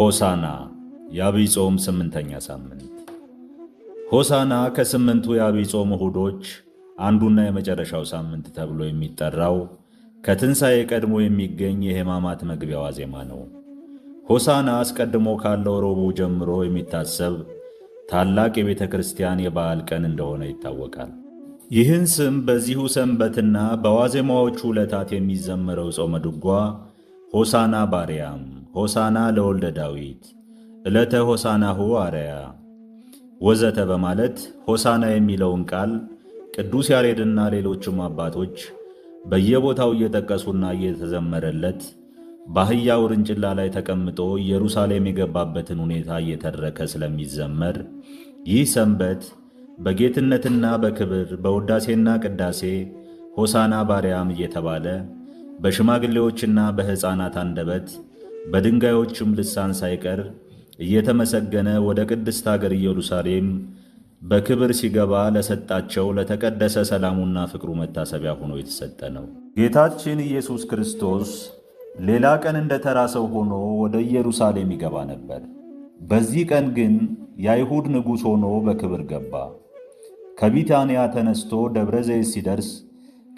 ሆሳና የአብይ ጾም ስምንተኛ ሳምንት። ሆሳና ከስምንቱ የአብይ ጾም እሁዶች አንዱና የመጨረሻው ሳምንት ተብሎ የሚጠራው ከትንሣኤ ቀድሞ የሚገኝ የሕማማት መግቢያ ዋዜማ ነው። ሆሳና አስቀድሞ ካለው ረቡዕ ጀምሮ የሚታሰብ ታላቅ የቤተ ክርስቲያን የበዓል ቀን እንደሆነ ይታወቃል። ይህን ስም በዚሁ ሰንበትና በዋዜማዎቹ ዕለታት የሚዘመረው ጾመ ድጓ ሆሳና ባርያም ሆሳና ለወልደ ዳዊት፣ ዕለተ ሆሳናሁ አርያ ወዘተ በማለት ሆሳና የሚለውን ቃል ቅዱስ ያሬድና ሌሎችም አባቶች በየቦታው እየጠቀሱና እየተዘመረለት በአህያ ውርንጭላ ላይ ተቀምጦ ኢየሩሳሌም የገባበትን ሁኔታ እየተረከ ስለሚዘመር ይህ ሰንበት በጌትነትና በክብር በውዳሴና ቅዳሴ ሆሳና ባርያም እየተባለ በሽማግሌዎችና በሕፃናት አንደበት በድንጋዮቹም ልሳን ሳይቀር እየተመሰገነ ወደ ቅድስት አገር ኢየሩሳሌም በክብር ሲገባ ለሰጣቸው ለተቀደሰ ሰላሙና ፍቅሩ መታሰቢያ ሆኖ የተሰጠ ነው። ጌታችን ኢየሱስ ክርስቶስ ሌላ ቀን እንደ ተራ ሰው ሆኖ ወደ ኢየሩሳሌም ይገባ ነበር። በዚህ ቀን ግን የአይሁድ ንጉሥ ሆኖ በክብር ገባ። ከቢታንያ ተነስቶ ደብረ ዘይት ሲደርስ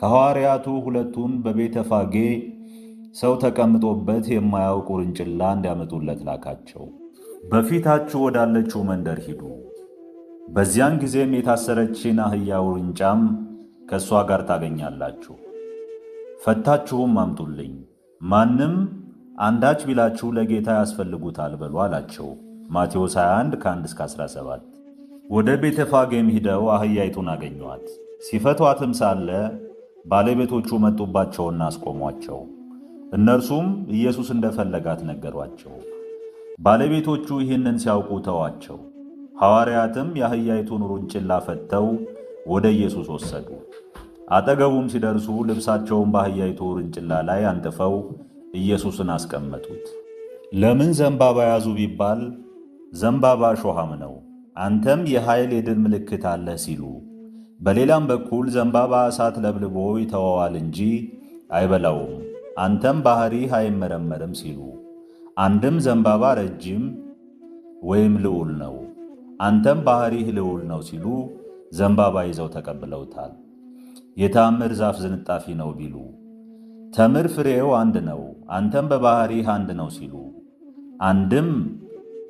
ከሐዋርያቱ ሁለቱን በቤተፋጌ ሰው ተቀምጦበት የማያውቅ ውርንጭላ እንዲያመጡለት ላካቸው። በፊታችሁ ወዳለችው መንደር ሂዱ። በዚያን ጊዜም የታሰረችን አህያ ውርንጫም ከእሷ ጋር ታገኛላችሁ። ፈታችሁም አምጡልኝ። ማንም አንዳች ቢላችሁ ለጌታ ያስፈልጉታል በሉ አላቸው። ማቴዎስ 21 ከ1 እስከ 17 ወደ ቤተፋጌም ሂደው አህያይቱን አገኟት። ሲፈቷትም ሳለ ባለቤቶቹ መጡባቸውና አስቆሟቸው። እነርሱም ኢየሱስ እንደፈለጋት ነገሯቸው። ባለቤቶቹ ይህንን ሲያውቁ ተዋቸው። ሐዋርያትም የአህያይቱን ሩንጭላ ፈተው ወደ ኢየሱስ ወሰዱ። አጠገቡም ሲደርሱ ልብሳቸውን በአህያይቱ ሩንጭላ ላይ አንጥፈው ኢየሱስን አስቀመጡት። ለምን ዘንባባ ያዙ ቢባል ዘንባባ ሾሃም ነው፣ አንተም የኃይል የድል ምልክት አለህ ሲሉ፣ በሌላም በኩል ዘንባባ እሳት ለብልቦ ይተወዋል እንጂ አይበላውም አንተም ባሕሪህ አይመረመርም ሲሉ አንድም ዘንባባ ረጅም ወይም ልዑል ነው አንተም ባሕሪህ ልዑል ነው ሲሉ ዘንባባ ይዘው ተቀብለውታል። የታምር ዛፍ ዝንጣፊ ነው ቢሉ ተምር ፍሬው አንድ ነው አንተም በባሕሪህ አንድ ነው ሲሉ አንድም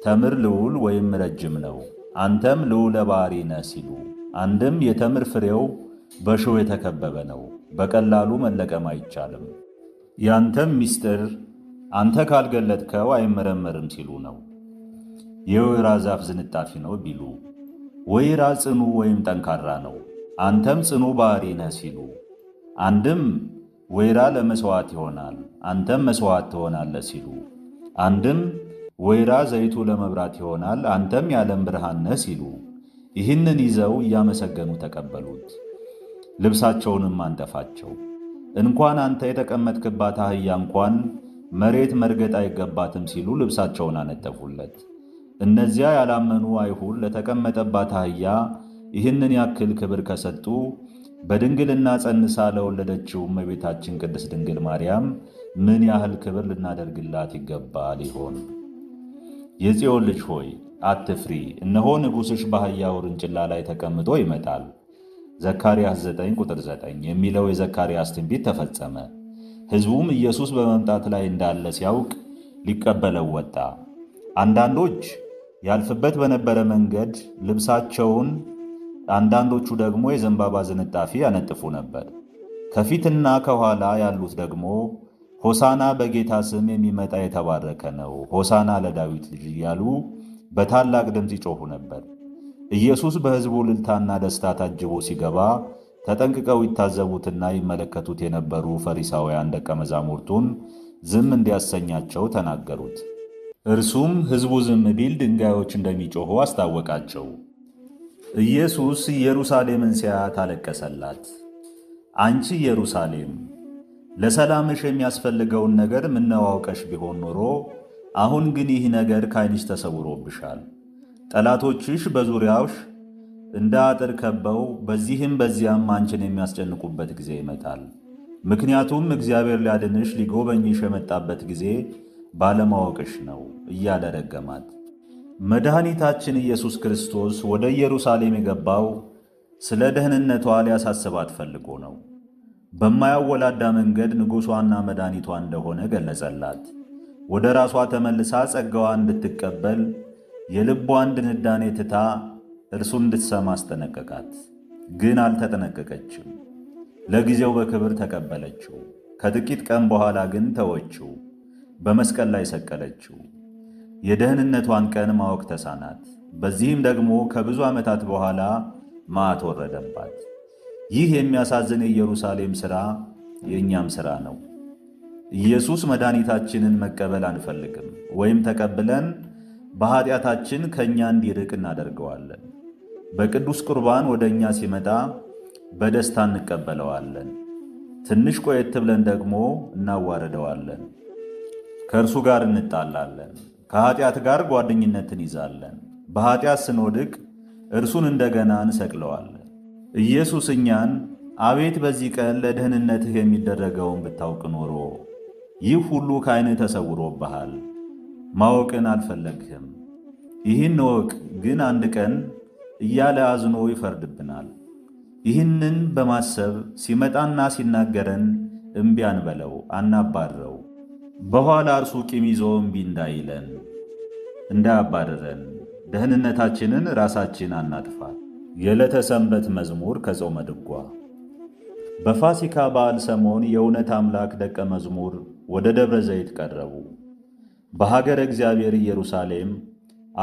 ተምር ልዑል ወይም ረጅም ነው አንተም ልዑለ ባሕሪ ነህ ሲሉ አንድም የተምር ፍሬው በእሾህ የተከበበ ነው፣ በቀላሉ መለቀም አይቻልም። ያንተም ምስጢር አንተ ካልገለጥከው አይመረመርም ሲሉ ነው። የወይራ ዛፍ ዝንጣፊ ነው ቢሉ ወይራ ጽኑ ወይም ጠንካራ ነው፣ አንተም ጽኑ ባህሪ ነህ ሲሉ አንድም ወይራ ለመሥዋዕት ይሆናል፣ አንተም መሥዋዕት ትሆናለህ ሲሉ አንድም ወይራ ዘይቱ ለመብራት ይሆናል፣ አንተም የዓለም ብርሃን ነህ ሲሉ ይህንን ይዘው እያመሰገኑ ተቀበሉት። ልብሳቸውንም አንጠፋቸው። እንኳን አንተ የተቀመጥክባት አህያ እንኳን መሬት መርገጥ አይገባትም ሲሉ ልብሳቸውን አነጠፉለት። እነዚያ ያላመኑ አይሁድ ለተቀመጠባት አህያ ይህንን ያክል ክብር ከሰጡ በድንግልና ጸንሳ ለወለደችው እመቤታችን ቅድስት ድንግል ማርያም ምን ያህል ክብር ልናደርግላት ይገባል ይሆን? የጽዮን ልጅ ሆይ አትፍሪ፣ እነሆ ንጉሥሽ በአህያ ውርንጭላ ላይ ተቀምጦ ይመጣል። ዘካርያስ 9 ቁጥር 9 የሚለው የዘካርያስ ትንቢት ተፈጸመ። ሕዝቡም ኢየሱስ በመምጣት ላይ እንዳለ ሲያውቅ ሊቀበለው ወጣ። አንዳንዶች ያልፍበት በነበረ መንገድ ልብሳቸውን፣ አንዳንዶቹ ደግሞ የዘንባባ ዝንጣፊ ያነጥፉ ነበር። ከፊትና ከኋላ ያሉት ደግሞ ሆሳና በጌታ ስም የሚመጣ የተባረከ ነው፣ ሆሳና ለዳዊት ልጅ እያሉ በታላቅ ድምፅ ይጮኹ ነበር። ኢየሱስ በሕዝቡ ልልታና ደስታ ታጅቦ ሲገባ ተጠንቅቀው ይታዘቡትና ይመለከቱት የነበሩ ፈሪሳውያን ደቀ መዛሙርቱን ዝም እንዲያሰኛቸው ተናገሩት። እርሱም ሕዝቡ ዝም ቢል ድንጋዮች እንደሚጮኹ አስታወቃቸው። ኢየሱስ ኢየሩሳሌምን ሲያያት አለቀሰላት። አንቺ ኢየሩሳሌም፣ ለሰላምሽ የሚያስፈልገውን ነገር ምነው አውቀሽ ቢሆን ኖሮ፣ አሁን ግን ይህ ነገር ከዓይንሽ ተሰውሮብሻል ጠላቶችሽ በዙሪያውሽ እንደ አጥር ከበው በዚህም በዚያም አንቺን የሚያስጨንቁበት ጊዜ ይመጣል። ምክንያቱም እግዚአብሔር ሊያድንሽ ሊጎበኝሽ የመጣበት ጊዜ ባለማወቅሽ ነው እያለ ረገማት። መድኃኒታችን ኢየሱስ ክርስቶስ ወደ ኢየሩሳሌም የገባው ስለ ደህንነቷ ሊያሳስባት ፈልጎ ነው። በማያወላዳ መንገድ ንጉሷና መድኃኒቷ እንደሆነ ገለጸላት። ወደ ራሷ ተመልሳ ጸጋዋ እንድትቀበል የልቧን ድንዳኔ ትታ እርሱ እንድትሰማ አስጠነቀቃት። ግን አልተጠነቀቀችም። ለጊዜው በክብር ተቀበለችው። ከጥቂት ቀን በኋላ ግን ተወችው፣ በመስቀል ላይ ሰቀለችው። የደህንነቷን ቀን ማወቅ ተሳናት። በዚህም ደግሞ ከብዙ ዓመታት በኋላ መዓት ወረደባት። ይህ የሚያሳዝን የኢየሩሳሌም ሥራ የእኛም ሥራ ነው። ኢየሱስ መድኃኒታችንን መቀበል አንፈልግም ወይም ተቀብለን በኃጢአታችን ከእኛ እንዲርቅ እናደርገዋለን። በቅዱስ ቁርባን ወደ እኛ ሲመጣ በደስታ እንቀበለዋለን። ትንሽ ቆየት ብለን ደግሞ እናዋርደዋለን። ከእርሱ ጋር እንጣላለን። ከኃጢአት ጋር ጓደኝነት እንይዛለን። በኃጢአት ስንወድቅ እርሱን እንደገና እንሰቅለዋለን። ኢየሱስ እኛን አቤት በዚህ ቀን ለደህንነትህ የሚደረገውን ብታውቅ ኖሮ ይህ ሁሉ ከዐይንህ ተሰውሮብሃል ማወቅን አልፈለግህም። ይህን እወቅ ግን አንድ ቀን እያለ አዝኖ ይፈርድብናል። ይህንን በማሰብ ሲመጣና ሲናገረን እምቢ አንበለው፣ አናባረው። በኋላ እርሱ ቂም ይዞ እምቢ እንዳይለን እንዳያባረረን ደህንነታችንን ራሳችን አናጥፋ የዕለተ ሰንበት መዝሙር ከጾመ ድጓ በፋሲካ በዓል ሰሞን የእውነት አምላክ ደቀ መዝሙር ወደ ደብረ ዘይት ቀረቡ። በሀገረ እግዚአብሔር ኢየሩሳሌም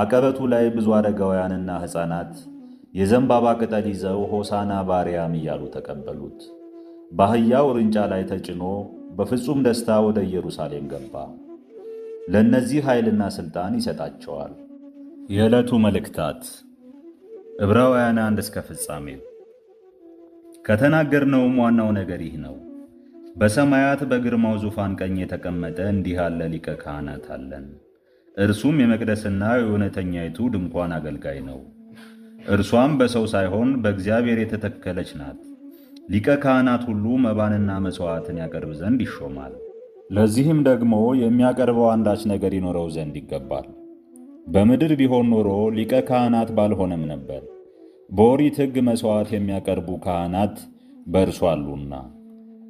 አቀበቱ ላይ ብዙ አረጋውያንና ሕፃናት የዘንባባ ቅጠል ይዘው ሆሳና ባርያም እያሉ ተቀበሉት። በአህያ ውርንጫ ላይ ተጭኖ በፍጹም ደስታ ወደ ኢየሩሳሌም ገባ። ለእነዚህ ኃይልና ሥልጣን ይሰጣቸዋል። የዕለቱ መልእክታት ዕብራውያን አንድ እስከ ፍጻሜው ከተናገርነውም ዋናው ነገር ይህ ነው። በሰማያት በግርማው ዙፋን ቀኝ የተቀመጠ እንዲህ ያለ ሊቀ ካህናት አለን። እርሱም የመቅደስና የእውነተኛይቱ ድንኳን አገልጋይ ነው። እርሷም በሰው ሳይሆን በእግዚአብሔር የተተከለች ናት። ሊቀ ካህናት ሁሉ መባንና መሥዋዕትን ያቀርብ ዘንድ ይሾማል። ለዚህም ደግሞ የሚያቀርበው አንዳች ነገር ይኖረው ዘንድ ይገባል። በምድር ቢሆን ኖሮ ሊቀ ካህናት ባልሆነም ነበር፤ በኦሪት ሕግ መሥዋዕት የሚያቀርቡ ካህናት በእርሱ አሉና።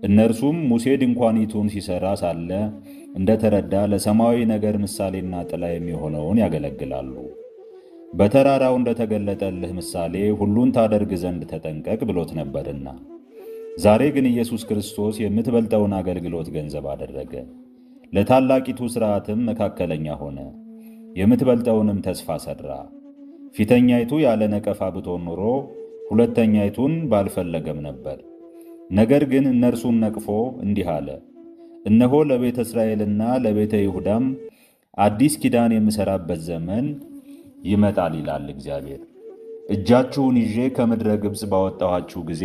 እነርሱም ሙሴ ድንኳኒቱን ሲሰራ ሳለ እንደተረዳ ለሰማያዊ ነገር ምሳሌና ጥላ የሚሆነውን ያገለግላሉ። በተራራው እንደተገለጠልህ ምሳሌ ሁሉን ታደርግ ዘንድ ተጠንቀቅ ብሎት ነበርና። ዛሬ ግን ኢየሱስ ክርስቶስ የምትበልጠውን አገልግሎት ገንዘብ አደረገ። ለታላቂቱ ሥርዓትም መካከለኛ ሆነ፣ የምትበልጠውንም ተስፋ ሠራ። ፊተኛይቱ ያለ ነቀፋ ብትሆን ኑሮ ሁለተኛይቱን ባልፈለገም ነበር። ነገር ግን እነርሱን ነቅፎ እንዲህ አለ፣ እነሆ ለቤተ እስራኤልና ለቤተ ይሁዳም አዲስ ኪዳን የምሠራበት ዘመን ይመጣል ይላል እግዚአብሔር። እጃችሁን ይዤ ከምድረ ግብፅ ባወጣኋችሁ ጊዜ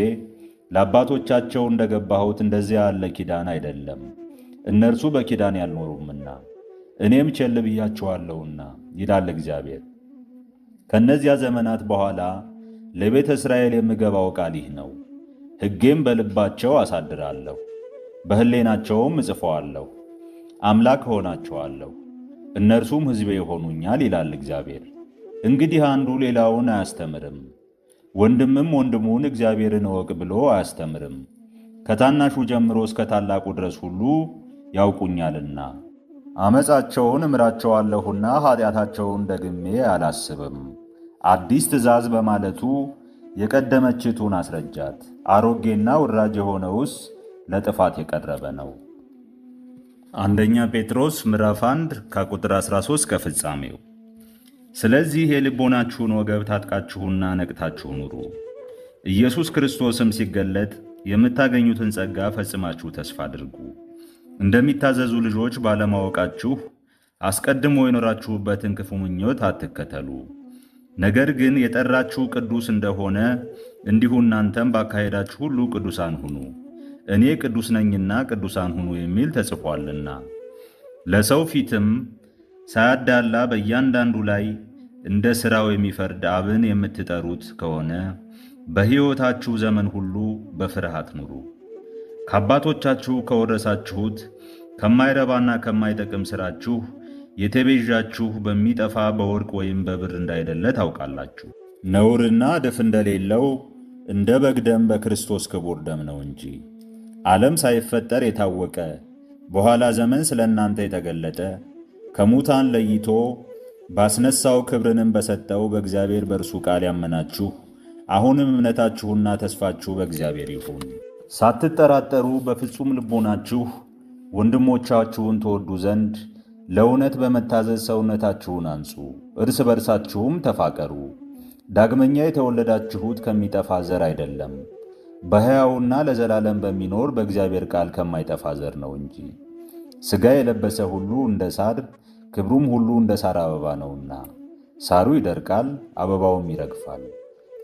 ለአባቶቻቸው እንደገባሁት እንደዚያ ያለ ኪዳን አይደለም፣ እነርሱ በኪዳን ያልኖሩምና እኔም ቸል ብያችኋለሁና ይላል እግዚአብሔር። ከእነዚያ ዘመናት በኋላ ለቤተ እስራኤል የምገባው ቃል ይህ ነው ሕጌም በልባቸው አሳድራለሁ፣ በሕሌናቸውም እጽፈዋለሁ። አምላክ እሆናቸዋለሁ፣ እነርሱም ሕዝቤ ይሆኑኛል ይላል እግዚአብሔር። እንግዲህ አንዱ ሌላውን አያስተምርም፣ ወንድምም ወንድሙን እግዚአብሔርን እወቅ ብሎ አያስተምርም። ከታናሹ ጀምሮ እስከ ታላቁ ድረስ ሁሉ ያውቁኛልና አመፃቸውን እምራቸዋለሁና ኃጢአታቸውን ደግሜ አላስብም። አዲስ ትእዛዝ በማለቱ የቀደመችቱን አስረጃት። አሮጌና ውራጅ የሆነውስ ለጥፋት የቀረበ ነው። አንደኛ ጴጥሮስ ምዕራፍ 1 ከቁጥር 13 ከፍጻሜው። ስለዚህ የልቦናችሁን ወገብ ታጥቃችሁና ነቅታችሁ ኑሩ፣ ኢየሱስ ክርስቶስም ሲገለጥ የምታገኙትን ጸጋ ፈጽማችሁ ተስፋ አድርጉ። እንደሚታዘዙ ልጆች ባለማወቃችሁ አስቀድሞ የኖራችሁበትን ክፉ ምኞት አትከተሉ። ነገር ግን የጠራችሁ ቅዱስ እንደሆነ እንዲሁ እናንተም ባካሄዳችሁ ሁሉ ቅዱሳን ሁኑ፣ እኔ ቅዱስ ነኝና ቅዱሳን ሁኑ የሚል ተጽፏልና። ለሰው ፊትም ሳያዳላ በእያንዳንዱ ላይ እንደ ሥራው የሚፈርድ አብን የምትጠሩት ከሆነ በሕይወታችሁ ዘመን ሁሉ በፍርሃት ኑሩ። ከአባቶቻችሁ ከወረሳችሁት ከማይረባና ከማይጠቅም ሥራችሁ የተቤዣችሁ በሚጠፋ በወርቅ ወይም በብር እንዳይደለ ታውቃላችሁ። ነውርና እድፍ እንደሌለው እንደ በግ ደም በክርስቶስ ክቡር ደም ነው እንጂ። ዓለም ሳይፈጠር የታወቀ በኋላ ዘመን ስለ እናንተ የተገለጠ ከሙታን ለይቶ ባስነሳው ክብርንም በሰጠው በእግዚአብሔር በእርሱ ቃል ያመናችሁ አሁንም እምነታችሁና ተስፋችሁ በእግዚአብሔር ይሁን። ሳትጠራጠሩ በፍጹም ልቦናችሁ ወንድሞቻችሁን ትወዱ ዘንድ ለእውነት በመታዘዝ ሰውነታችሁን አንጹ፣ እርስ በርሳችሁም ተፋቀሩ። ዳግመኛ የተወለዳችሁት ከሚጠፋ ዘር አይደለም፣ በሕያውና ለዘላለም በሚኖር በእግዚአብሔር ቃል ከማይጠፋ ዘር ነው እንጂ። ሥጋ የለበሰ ሁሉ እንደ ሳር፣ ክብሩም ሁሉ እንደ ሳር አበባ ነውና ሳሩ ይደርቃል፣ አበባውም ይረግፋል።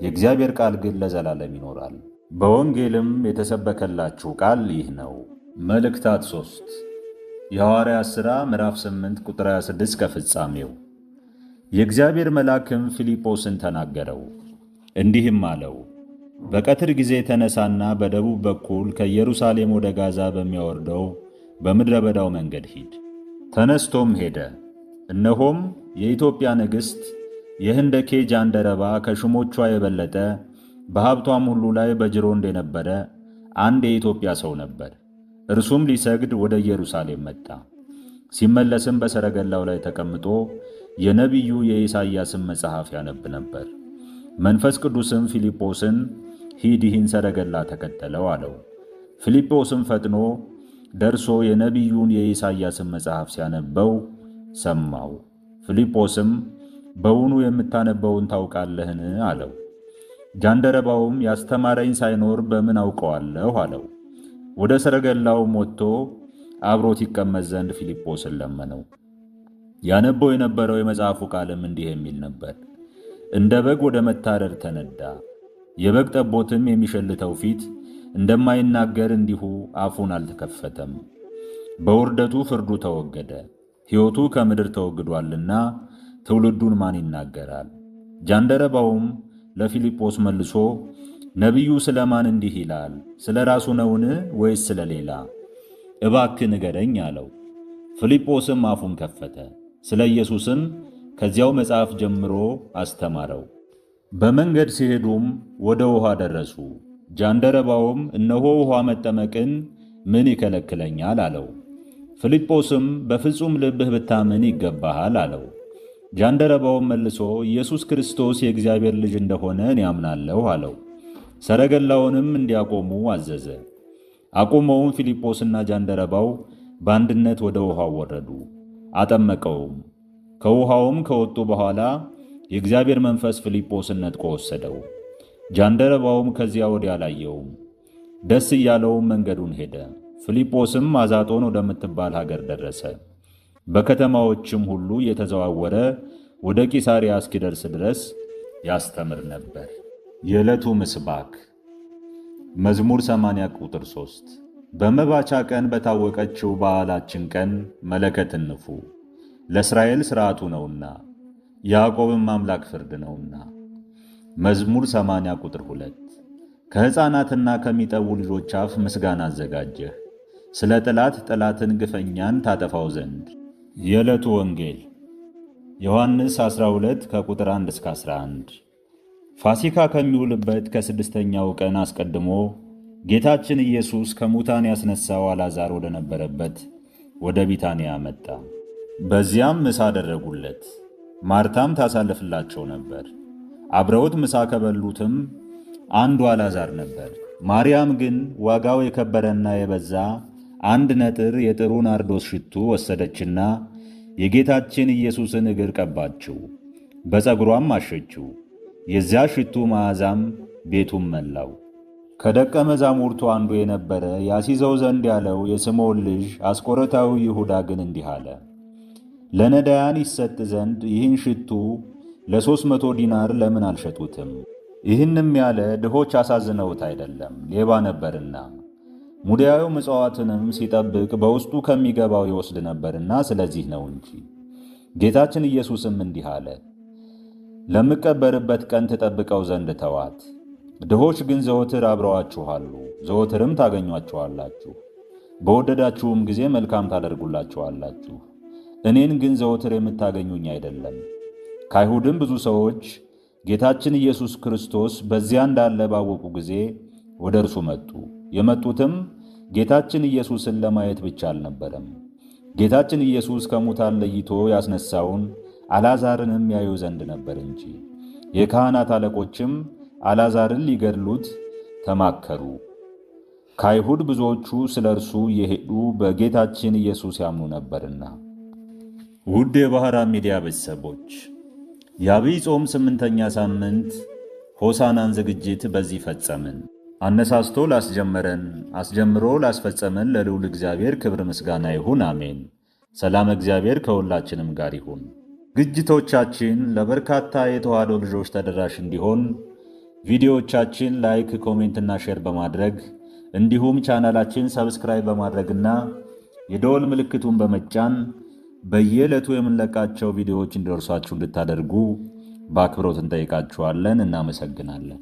የእግዚአብሔር ቃል ግን ለዘላለም ይኖራል። በወንጌልም የተሰበከላችሁ ቃል ይህ ነው። መልእክታት ሦስት የሐዋርያት ሥራ ምዕራፍ 8 ቁጥር 26 ከፍጻሜው። የእግዚአብሔር መልአክም ፊልጶስን ተናገረው እንዲህም አለው፣ በቀትር ጊዜ ተነሳና በደቡብ በኩል ከኢየሩሳሌም ወደ ጋዛ በሚያወርደው በምድረ በዳው መንገድ ሂድ። ተነስቶም ሄደ። እነሆም የኢትዮጵያ ንግሥት የህንደኬ ጃንደረባ ከሹሞቿ የበለጠ በሀብቷም ሁሉ ላይ በጅሮንድ የነበረ አንድ የኢትዮጵያ ሰው ነበር። እርሱም ሊሰግድ ወደ ኢየሩሳሌም መጣ። ሲመለስም በሰረገላው ላይ ተቀምጦ የነቢዩ የኢሳይያስን መጽሐፍ ያነብ ነበር። መንፈስ ቅዱስም ፊልጶስን ሂድ፣ ይህን ሰረገላ ተከተለው አለው። ፊልጶስም ፈጥኖ ደርሶ የነቢዩን የኢሳይያስን መጽሐፍ ሲያነበው ሰማው። ፊልጶስም በውኑ የምታነበውን ታውቃለህን? አለው። ጃንደረባውም ያስተማረኝ ሳይኖር በምን አውቀዋለሁ? አለው። ወደ ሰረገላውም ወጥቶ አብሮት ይቀመጥ ዘንድ ፊልጶስን ለመነው። ያነበው የነበረው የመጽሐፉ ቃልም እንዲህ የሚል ነበር። እንደ በግ ወደ መታረድ ተነዳ። የበግ ጠቦትም የሚሸልተው ፊት እንደማይናገር እንዲሁ አፉን አልተከፈተም። በውርደቱ ፍርዱ ተወገደ። ሕይወቱ ከምድር ተወግዷልና ትውልዱን ማን ይናገራል? ጃንደረባውም ለፊልጶስ መልሶ ነቢዩ ስለማን እንዲህ ይላል? ስለ ራሱ ነውን ወይስ ስለ ሌላ? እባክ ንገረኝ አለው። ፊልጶስም አፉን ከፈተ። ስለ ኢየሱስም ከዚያው መጽሐፍ ጀምሮ አስተማረው። በመንገድ ሲሄዱም ወደ ውኃ ደረሱ። ጃንደረባውም እነሆ ውኃ መጠመቅን ምን ይከለክለኛል? አለው። ፊልጶስም በፍጹም ልብህ ብታምን ይገባሃል አለው። ጃንደረባውም መልሶ ኢየሱስ ክርስቶስ የእግዚአብሔር ልጅ እንደሆነ እኔ አምናለሁ አለው። ሰረገላውንም እንዲያቆሙ አዘዘ። አቁመውም ፊልጶስና ጃንደረባው በአንድነት ወደ ውሃው ወረዱ፣ አጠመቀውም። ከውሃውም ከወጡ በኋላ የእግዚአብሔር መንፈስ ፊልጶስን ነጥቆ ወሰደው። ጃንደረባውም ከዚያ ወዲያ አላየውም። ደስ እያለውም መንገዱን ሄደ። ፊልጶስም አዛጦን ወደምትባል ሀገር ደረሰ። በከተማዎችም ሁሉ እየተዘዋወረ ወደ ቂሳሪያ እስኪደርስ ድረስ ያስተምር ነበር። የዕለቱ ምስባክ መዝሙር 80 ቁጥር 3 በመባቻ ቀን በታወቀችው በዓላችን ቀን መለከት እንፉ፣ ለእስራኤል ሥርዓቱ ነውና ያዕቆብም አምላክ ፍርድ ነውና። መዝሙር 80 ቁጥር 2 ከሕፃናትና ከሚጠቡ ልጆች አፍ ምስጋና አዘጋጀህ፣ ስለ ጠላት ጠላትን ግፈኛን ታጠፋው ዘንድ። የዕለቱ ወንጌል ዮሐንስ 12 ከቁጥር 1 እስከ 11 ፋሲካ ከሚውልበት ከስድስተኛው ቀን አስቀድሞ ጌታችን ኢየሱስ ከሙታን ያስነሳው አልዓዛር ወደ ነበረበት ወደ ቢታንያ መጣ። በዚያም ምሳ አደረጉለት። ማርታም ታሳልፍላቸው ነበር። አብረውት ምሳ ከበሉትም አንዱ አልዓዛር ነበር። ማርያም ግን ዋጋው የከበረና የበዛ አንድ ነጥር የጥሩ ናርዶስ ሽቱ ወሰደችና የጌታችን ኢየሱስን እግር ቀባችው፣ በፀጉሯም አሸችው። የዚያ ሽቱ መዓዛም ቤቱን መላው። ከደቀ መዛሙርቱ አንዱ የነበረ ያሲዘው ዘንድ ያለው የስምዖን ልጅ አስቆረታዊ ይሁዳ ግን እንዲህ አለ፣ ለነዳያን ይሰጥ ዘንድ ይህን ሽቱ ለሦስት መቶ ዲናር ለምን አልሸጡትም? ይህንም ያለ ድሆች አሳዝነውት አይደለም፣ ሌባ ነበርና። ሙዳያዊ ምጽዋትንም ሲጠብቅ በውስጡ ከሚገባው ይወስድ ነበርና፣ ስለዚህ ነው እንጂ። ጌታችን ኢየሱስም እንዲህ አለ ለምቀበርበት ቀን ትጠብቀው ዘንድ ተዋት። ድሆች ግን ዘወትር አብረዋችኋሉ፣ ዘወትርም ታገኟችኋላችሁ። በወደዳችሁም ጊዜ መልካም ታደርጉላቸዋላችሁ። እኔን ግን ዘወትር የምታገኙኝ አይደለም። ከአይሁድም ብዙ ሰዎች ጌታችን ኢየሱስ ክርስቶስ በዚያ እንዳለ ባወቁ ጊዜ ወደ እርሱ መጡ። የመጡትም ጌታችን ኢየሱስን ለማየት ብቻ አልነበረም፤ ጌታችን ኢየሱስ ከሙታን ለይቶ ያስነሳውን አልዓዛርንም ያዩ ዘንድ ነበር እንጂ። የካህናት አለቆችም አላዛርን ሊገድሉት ተማከሩ። ከአይሁድ ብዙዎቹ ስለ እርሱ እየሄዱ በጌታችን ኢየሱስ ያምኑ ነበርና። ውድ የባህራ ሚዲያ ቤተሰቦች የአብይ ጾም ስምንተኛ ሳምንት ሆሳናን ዝግጅት በዚህ ፈጸምን። አነሳስቶ ላስጀመረን አስጀምሮ ላስፈጸመን ለልዑል እግዚአብሔር ክብር ምስጋና ይሁን፣ አሜን። ሰላም እግዚአብሔር ከሁላችንም ጋር ይሁን። ግጅቶቻችን ለበርካታ የተዋህዶ ልጆች ተደራሽ እንዲሆን ቪዲዮዎቻችን ላይክ፣ እና ሼር በማድረግ እንዲሁም ቻናላችን ሰብስክራይብ በማድረግና የደወል ምልክቱን በመጫን በየዕለቱ የምንለቃቸው ቪዲዮዎች እንዲደርሷችሁ እንድታደርጉ በአክብሮት እንጠይቃችኋለን። እናመሰግናለን።